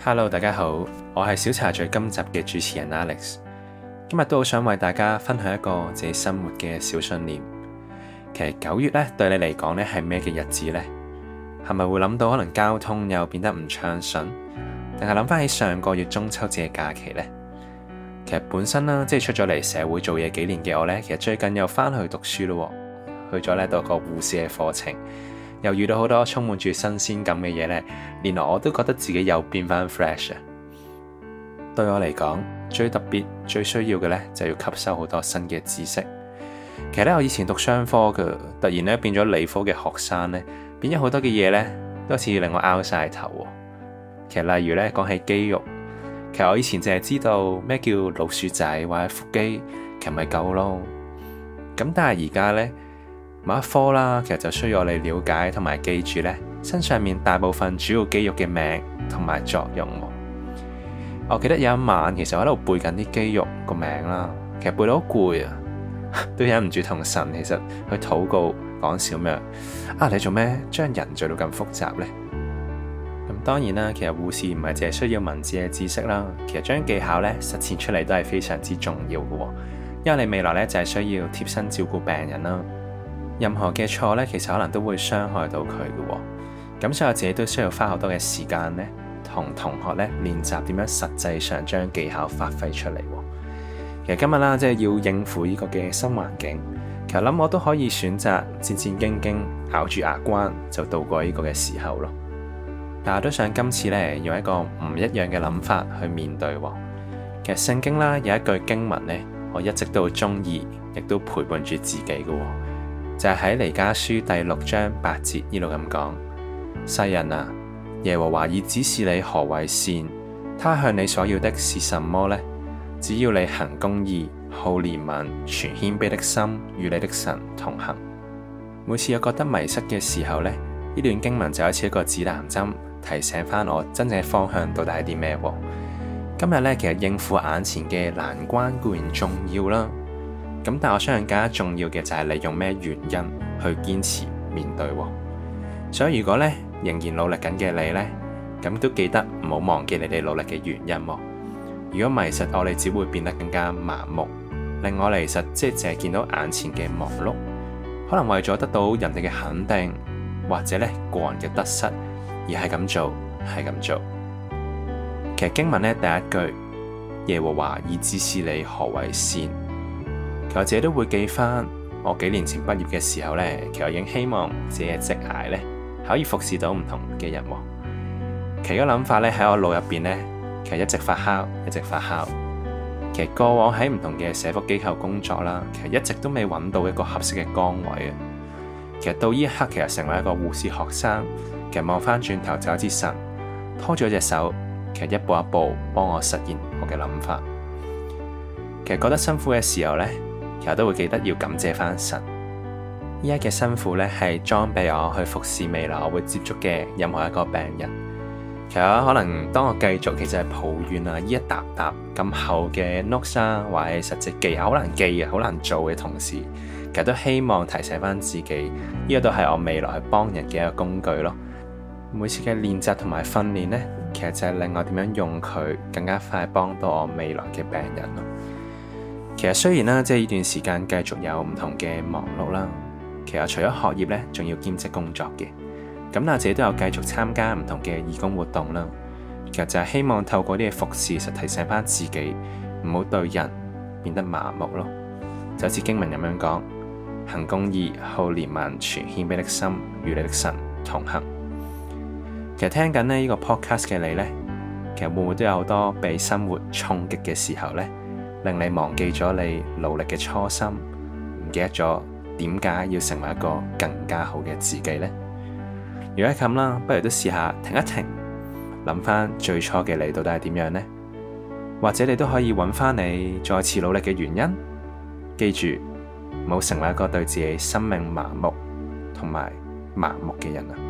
Hello，大家好，我係小茶聚今集嘅主持人 Alex。今日都好想為大家分享一個自己生活嘅小信念。其實九月咧，對你嚟講咧係咩嘅日子呢？係咪會諗到可能交通又變得唔暢順？定係諗翻起上個月中秋節嘅假期呢？其實本身啦，即係出咗嚟社會做嘢幾年嘅我呢，其實最近又翻去讀書咯，去咗呢度個護士嘅課程。又遇到好多充滿住新鮮感嘅嘢呢。原來我都覺得自己又變翻 fresh 啊！對我嚟講，最特別、最需要嘅呢，就要吸收好多新嘅知識。其實咧，我以前讀商科嘅，突然咧變咗理科嘅學生呢，變咗好多嘅嘢呢，都好似令我拗晒頭喎。其實例如呢，講起肌肉，其實我以前淨係知道咩叫老鼠仔或者腹肌，其實咪夠咯。咁但係而家呢。某一科啦，其實就需要你了解同埋記住咧身上面大部分主要肌肉嘅名同埋作用。我記得有一晚，其實我喺度背緊啲肌肉個名啦，其實背到好攰啊，都忍唔住同神其實去禱告講「小咩啊！你做咩將人做到咁複雜呢？」咁當然啦，其實護士唔係淨係需要文字嘅知識啦，其實將技巧咧實踐出嚟都係非常之重要噶，因為你未來咧就係需要貼身照顧病人啦。任何嘅錯呢，其實可能都會傷害到佢嘅喎。咁所以我自己都需要花好多嘅時間呢，同同學呢練習點樣實際上將技巧發揮出嚟喎。其實今日啦，即係要應付呢個嘅新環境。其實諗我都可以選擇戰戰兢兢咬住牙關就度過呢個嘅時候咯。但係都想今次呢，用一個唔一樣嘅諗法去面對喎。其實聖經啦有一句經文呢，我一直都好中意，亦都陪伴住自己嘅喎。就係喺《彌迦書》第六章八節呢度咁講，世人啊，耶和華已指示你何為善，他向你所要的是什麼呢？只要你行公義、好憐憫、存謙卑的心，與你的神同行。每次有覺得迷失嘅時候呢，呢段經文就好似一,一個指南針，提醒翻我真正嘅方向到底係啲咩。今日呢，其實應付眼前嘅難關固然重要啦。咁，但我相信更加重要嘅就係你用咩原因去堅持面對喎。所以如果咧仍然努力緊嘅你咧，咁都記得唔好忘記你哋努力嘅原因喎。如果唔係，其實我哋只會變得更加麻木。令我哋其實即係淨係見到眼前嘅忙碌，可能為咗得到人哋嘅肯定，或者咧個人嘅得失而係咁做，係咁做。其實經文咧第一句，耶和華已指示你何為善。其實我自己都會記翻，我幾年前畢業嘅時候呢，其實已經希望自己嘅職涯呢個職業呢可以服侍到唔同嘅人。其實個諗法呢喺我腦入邊呢，其實一直發酵，一直發酵。其實過往喺唔同嘅社福機構工作啦，其實一直都未揾到一個合適嘅崗位。其實到呢一刻，其實成為一個護士學生，其實望返轉頭就有一隻神拖住我隻手，其實一步一步幫我實現我嘅諗法。其實覺得辛苦嘅時候呢。其實都會記得要感謝翻神，依家嘅辛苦呢，係裝備我去服侍未來我會接觸嘅任何一個病人。其實可能當我繼續其實係抱怨啊，呢一沓沓咁厚嘅 notes 啊，或者實際技巧好難記啊，好難做嘅同時，其實都希望提醒翻自己，呢、呢個都係我未來去幫人嘅一個工具咯。每次嘅練習同埋訓練呢，其實就係令我點樣用佢更加快幫到我未來嘅病人咯。其實雖然咧，即係呢段時間繼續有唔同嘅忙碌啦。其實除咗學業呢，仲要兼職工作嘅。咁阿姐都有繼續參加唔同嘅義工活動啦。其實就係希望透過啲嘅服侍，實提醒翻自己唔好對人變得麻木咯。就好似經文咁樣講，行公義、好憐憫、存謙卑的心，與你的神同行。其實聽緊咧呢個 podcast 嘅你呢，其實會唔會都有好多被生活衝擊嘅時候呢？令你忘記咗你努力嘅初心，唔記得咗點解要成為一個更加好嘅自己呢？如果係咁啦，不如都試下停一停，諗翻最初嘅你到底係點樣呢？或者你都可以揾翻你再次努力嘅原因。記住，唔好成為一個對自己生命麻木同埋麻木嘅人啊！